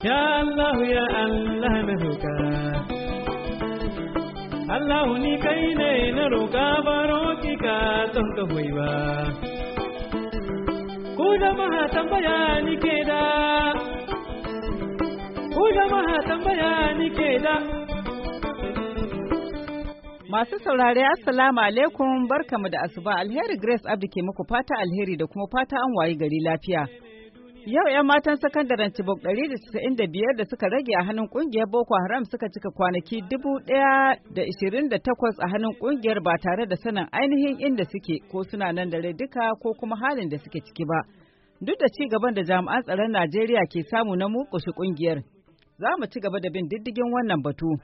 Ya Allah ya Allah na roƙa. Allah ni kai ne na roƙa baro ki ka ton ka hoyi ba. Ku jama'a tambaya ni ke da. Ku jama'a tambaya ni ke da. Masu saurare Assalamu alaikum barkamu da asuba alheri Grace Abdi ke muku fata alheri da kuma fata an wayi gari lafiya. Yau 'yan matan sakandaren Chibok 195 da suka rage a hannun ƙungiyar Boko Haram suka cika kwanaki 1,028 a hannun kungiyar ba tare da sanin ainihin inda suke ko suna nan dare duka ko kuma halin da suke ciki ba. Duk da ci gaban da jami'an tsaron Najeriya ke samu na mukushi kungiyar, za mu ci gaba da bin diddigin wannan batu.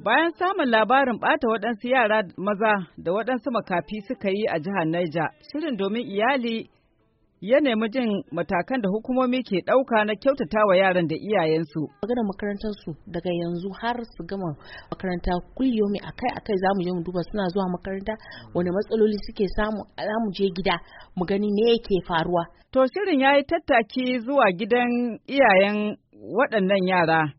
Bayan samun labarin ɓata waɗansu yara maza da waɗansu makafi suka yi a jihar Niger, shirin domin iyali ya nemi jin matakan da hukumomi ke ɗauka na kyautata wa yaran da iyayensu. Magana makarantar daga yanzu har su gama makaranta kulliyomi akai akai zamu je mu duba suna zuwa makaranta wani matsaloli suke samu zamu je gida mu gani me yake faruwa. To shirin ya yi tattaki zuwa gidan iyayen waɗannan yara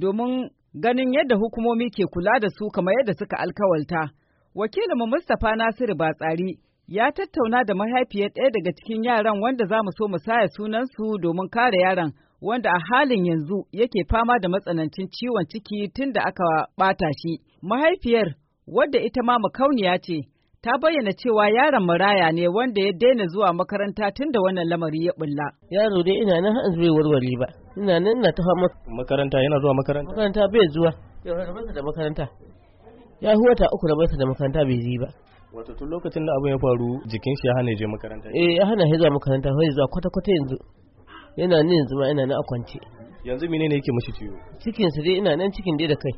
domin ganin yadda hukumomi ke kula da su kamar yadda suka alkawalta. Wakilinmu Mustapha Nasiru Batsari ya tattauna da mahaifiyar ɗaya daga cikin yaran wanda za mu so mu saya sunansu domin kare yaron wanda a halin yanzu yake fama da matsanancin ciwon ciki tun da aka ɓata shi. Mahaifiyar, wadda ita ma makauniya ce, ta bayyana cewa yaron maraya ne wanda ya daina zuwa makaranta tun da wannan lamari ya bulla. Yaro dai ina nan har bai warware ba. Ina nan ina ta fama. Makaranta yana zuwa makaranta. Makaranta bai zuwa. Yau da makaranta. Ya huwata uku rabarsa da makaranta bai yi ba. wato tun lokacin da abu ya faru jikin shi ya hana je makaranta eh ya hana zuwa makaranta sai zuwa kwata kwata yanzu yana nan yanzu ma ina na akwance yanzu menene yake mishi ciwo cikin sa dai ina nan cikin dai da kai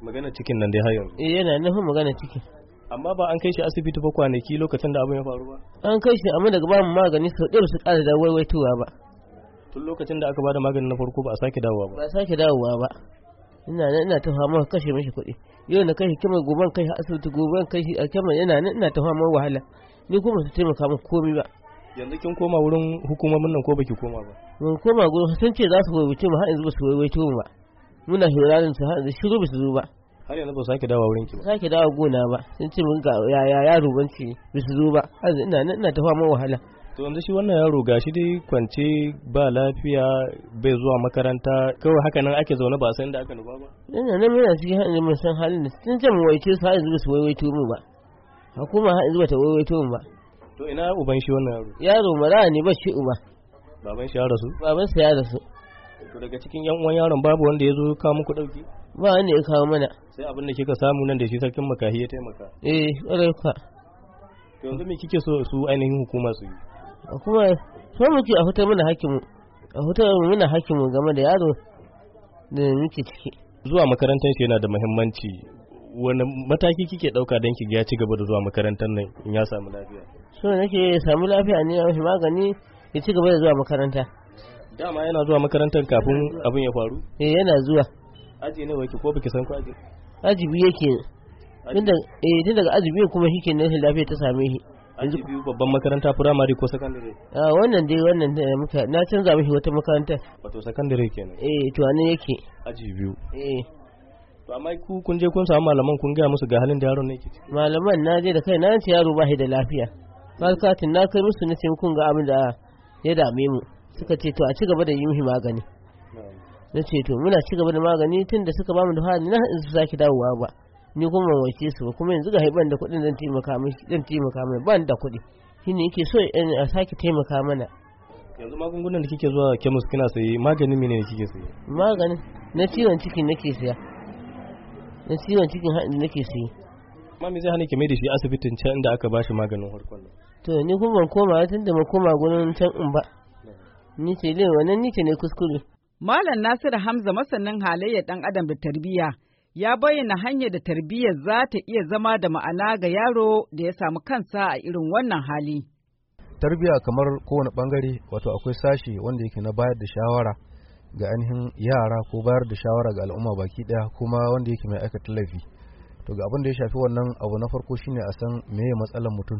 magana cikin nan dai har yanzu eh yana nan magana cikin amma ba an kai shi asibiti ba kwanaki lokacin da abu ya faru ba an kai shi amma daga ba mu magani sau ɗaya su ƙara da waiwaitowa ba tun lokacin da aka bada maganin na farko ba a sake dawowa ba ba a sake dawowa ba ina nan ina ta fama kashe mishi kuɗi yau na kashe kima goma kai asibiti goma kai shi a kima ina nan ina ta fama wahala ni kuma su taimaka min komai ba yanzu kin koma wurin hukumomin nan ko baki koma ba mun koma gurin sun ce za su waiwace mu har yanzu ba su waiwace mu ba muna shirarin su har yanzu shiru ba su zo ba har yanzu ba sake dawa wurin ki ba sake dawa gona ba sun ce mun ga yaya yaro banci ba su zo ba har ina nan ina ta fama wahala to yanzu shi wannan yaro gashi dai kwance ba lafiya bai zuwa makaranta kawai haka nan ake zaune ba san inda aka nuba ba ina nan yana cikin halin mun san halin da tun can mu waice sai har yanzu su waiwaito mu ba hukuma har yanzu ta waiwaito mu ba to ina uban shi wannan yaro yaro mara ne ba shi uba baban shi ya rasu baban sa ya rasu to daga cikin yan uwan yaron babu wanda ya zo kawo muku dauki ba wanda ya kawo mana sai abin da kika samu nan da shi sarkin makahi ya taimaka eh ƙwarai fa yanzu me kike so su ainihin hukuma su yi kuma so muke a hutar mana hakimu a hutar mana hakimu game da yaro da muke ciki zuwa makarantar shi yana da muhimmanci wani mataki kike dauka don ki ya ci gaba da zuwa makarantar nan in ya samu lafiya so nake samu lafiya ne ya magani ya ci gaba da zuwa makaranta dama yana zuwa makarantar kafin abin ya faru eh yana zuwa aji ne wake ko baki san ko aji aji yake ke eh, tun daga aji biye kuma shike ne lafiya ta same shi an ji biyu babban makaranta firamare ko sakandare a ah, wannan dai wannan da muka na canza mishi wata makaranta wato sakandare kenan eh to anan yake aji biyu eh to amma ku kun je kun samu malaman kun gaya musu ga halin da yaron yake ciki malaman na je da kai na ce yaro ba shi da lafiya farkatin na kai musu na ce kun ga abin da ya dame mu suka ce to a ci gaba da yi mishi magani na ce to muna ci gaba da magani tun da suka bamu da hali na su sake dawowa ba ni kuma ban su ba kuma yanzu ga ban da kuɗin zan taimaka mishi zan taimaka mana ban da kuɗi shine yake so a sake taimaka mana yanzu magungunan da kike zuwa kemis kina sayi maganin mene ne kike sayi maganin na ciwon ciki nake saya na ciwon cikin haɗin nake sayi amma me zai hana ki mai da shi asibitin can inda aka bashi maganin harkon to ni kuma ban koma tun da ban koma gurin can in ba ni ce le wannan ni ce ne kuskure Malam Nasiru Hamza masanin halayyar dan adam da tarbiyya ya bayyana hanyar da tarbiyyar za ta iya zama da ma'ana ga yaro da ya samu kansa a irin wannan hali. Tarbiyya kamar kowane bangare wato akwai sashi wanda yake na bayar da shawara ga ainihin yara ko bayar da shawara ga al'umma baki daya kuma wanda yake mai aikata laifi. To ga abin da ya shafi wannan abu na farko shine a san me ya matsalar mutum.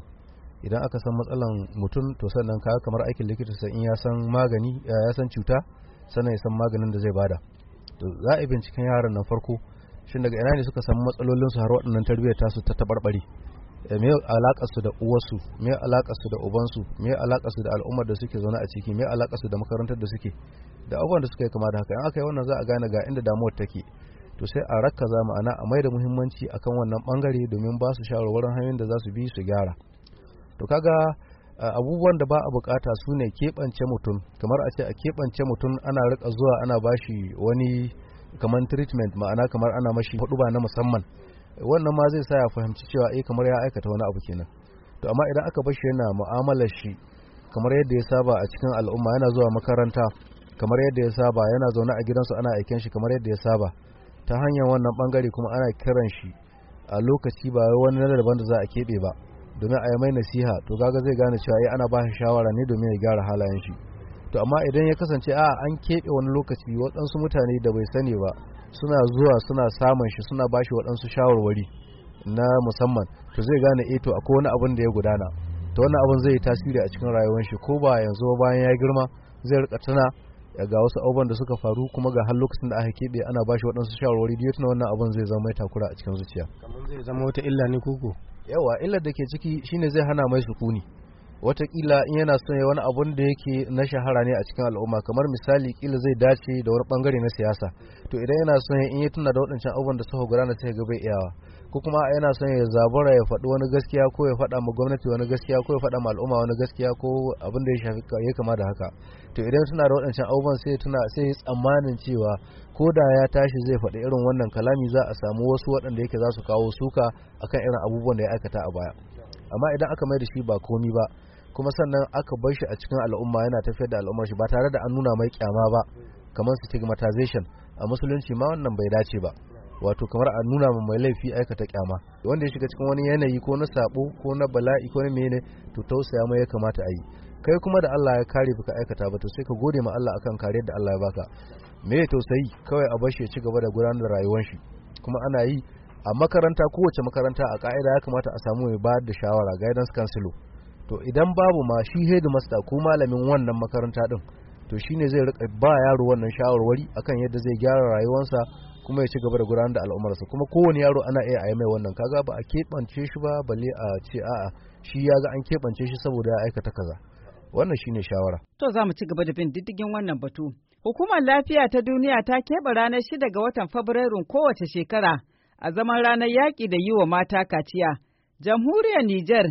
Idan aka san matsalan mutum to sannan ka kamar aikin likita sai in ya san magani ya san cuta sannan ya san maganin da zai bada. To za a binciken yaran nan farko shin daga ina ne suka san matsalolinsu har waɗannan tarbiyyar tasu ta tabarbare eh, me su da uwarsu me su da ubansu me su da al'ummar da suke zaune a ciki me su da makarantar da suke da abubuwan da suka yi kama da haka in aka yi wannan za a gane ga inda damuwar take to sai a rakka za ma'ana a mai da muhimmanci akan wannan bangare domin ba su shawarwarin hanyoyin da za su bi su gyara to kaga abubuwan da ba a bukata su ne keɓance mutum kamar a ce a keɓance mutum ana rika zuwa ana bashi wani kamar treatment ma'ana kamar ana mashi huduba na musamman wannan ma zai sa ya fahimci cewa eh kamar ya aikata wani abu kenan to amma idan aka bar shi yana mu'amalar shi kamar yadda ya saba a cikin al'umma yana zuwa makaranta kamar yadda ya saba yana zaune a gidansu ana aiken shi kamar yadda ya saba ta hanyar wannan bangare kuma ana kiran shi a lokaci ba wani ladaban da za a keɓe ba domin a yi mai nasiha to gaga zai gane cewa eh, ana ba shi shawara ne domin ya gyara halayen shi to amma idan ya kasance a an keɓe wani lokaci waɗansu mutane da bai sani ba suna zuwa suna samun shi suna bashi waɗansu shawarwari na musamman to zai gane eh to akwai wani abin da ya gudana to wani abin zai yi tasiri a cikin rayuwar shi ko ba yanzu ba bayan ya girma zai rika tana ga wasu abubuwan da suka faru kuma ga har lokacin da aka keɓe ana bashi waɗansu shawarwari duk tuna wannan abin zai zama mai takura a cikin zuciya kamar zai zama wata illa ne koko yawa illar da ke ciki shine zai hana mai sukuni watakila in yana son ya wani abun da yake na shahara ne a cikin al'umma kamar misali kila zai dace da wani bangare na siyasa to idan yana son ya in ya tuna da waɗancan abubuwan da suka gudana sai ga bai iyawa ko kuma yana son ya zabura ya faɗi wani gaskiya ko ya faɗa ma gwamnati wani gaskiya ko ya faɗa ma al'umma wani gaskiya ko abin da ya shafi ya kama da haka to idan suna da waɗancan abubuwan sai tuna sai ya tsammanin cewa ko da ya tashi zai faɗi irin wannan kalami za a samu wasu waɗanda yake za su kawo suka akan irin abubuwan da ya aikata a baya amma idan aka mai da shi ba komi ba kuma sannan aka bar shi a cikin al'umma yana tafiyar da al'ummar shi ba tare da an nuna mai kyama ba kamar stigmatization a musulunci ma wannan bai dace ba wato kamar a nuna ma mai laifi aikata kyama wanda ya shiga cikin wani yanayi ko na sabo ko na bala'i ko na mene to tausaya mai ya kamata a yi kai kuma da Allah ya kare baka aikata ba to sai ka gode ma Allah akan kariyar da Allah ya baka me ya tausayi kawai a shi ya ci gaba da gudanar da rayuwar shi kuma ana yi a makaranta kowace makaranta a ka'ida ya kamata a samu mai bayar da shawara guidance counselor to idan babu ma shi headmaster ko malamin wannan makaranta din to shine zai rika ba yaro wannan shawarwari akan yadda zai gyara rayuwarsa kuma ya ci gaba da gudanar da al'umarsa kuma kowane yaro ana iya ayi mai wannan kaga ba a keɓance shi ba balle a ce a'a shi ya ga an keɓance shi saboda ya aikata kaza wannan shine shawara to za mu ci gaba da bin diddigin wannan batu hukumar lafiya ta duniya ta keɓe ranar shida ga watan fabrairun kowace shekara a zaman ranar yaƙi da yi wa mata kaciya. Jamhuriyar Nijar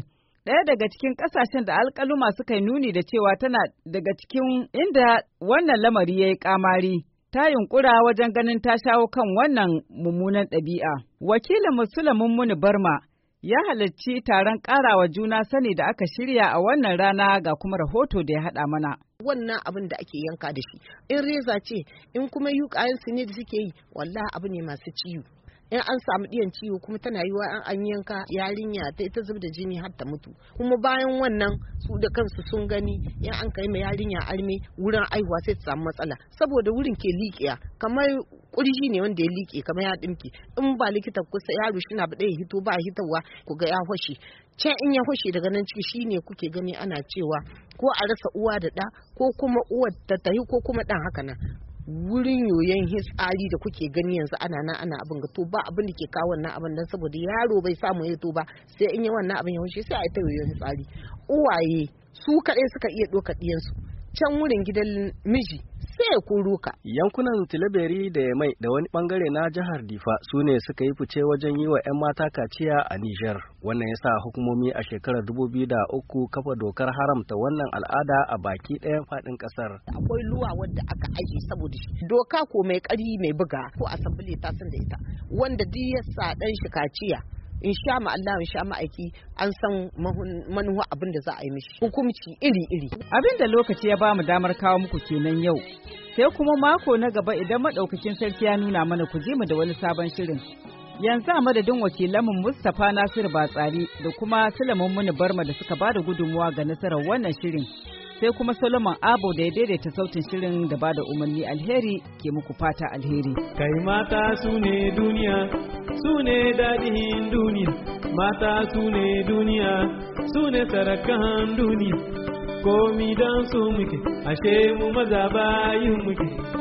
ɗaya daga cikin ƙasashen da alƙaluma suka yi nuni da cewa tana daga cikin inda wannan lamari ya yi ƙamari. Ta yunƙura wajen ganin ta shawo kan wannan mummunan ɗabi'a. Wakilin Musulamin Muni Barma ya halarci taron ƙarawa juna sani da aka shirya a wannan rana ga kuma rahoto da ya haɗa mana. wannan abin da ake yanka da shi in reza ce in kuma yi su ne da suke yi wallah abu ne masu ciwo in an samu ɗiyan ciwo kuma tana yiwa an an yanka yarinya ta ita zub da jini har ta mutu kuma bayan wannan su da kansu sun gani in an kai ma yarinya arme wurin aihuwa sai ta samu matsala saboda wurin ke liƙiya kamar kurji ne wanda ya liƙe kamar ya ɗinki in ba likita kusa yaro shi na ya hito ba hitowa ku ga ya hoshi can in ya hoshi daga nan ciki shine kuke gani ana cewa ko a rasa uwa da ɗa ko kuma uwar ta tahi ko kuma ɗan haka nan wurin yoyon hitsari da kuke gani yanzu ana nan ana abin ga to ba abin da ke kawo wannan abin dan saboda yaro bai samu ya to ba sai in yi wannan abin ya wuce sai a yi ta yoyon hitsari uwaye su kaɗai suka iya ɗaukar ɗiyansu can wurin gidan miji sai ya kuruka. Yankunan Tilaberi da Yamai da wani bangare na jihar Difa su ne suka yi fice wajen yi wa 'yan mata kaciya a Nijar. Wannan ya sa hukumomi a shekarar dubu biyu da uku kafa dokar haramta wannan al'ada a baki ɗayan faɗin ƙasar. Akwai luwa wadda aka aiki saboda shi. Doka ko mai ƙari mai buga ko asambili ta san da ita wanda duk ya sa ɗan shi kaciya in sha ma Allah in sha ma'aiki an san manuwa abin da za a yi mishi hukumci iri-iri. Abin da lokaci ya bamu damar kawo muku kenan yau. Sai kuma mako na gaba idan madaukakin sarki ya nuna mana ku je mu da wani sabon shirin. Yanzu a madadin wakilanmu Mustapha Nasiru Batsari da kuma Sulaiman Muni Barma da suka ba da gudunmuwa ga nasarar wannan shirin. sai kuma Solomon Abo da ya daidaita sautin shirin da ba da umarni alheri ke muku fata alheri. Kai mata su ne duniya, su ne dadihin duniya, mata su ne duniya, su ne sarakan duniya, komi don su muke, ashe mu maza bayin muke.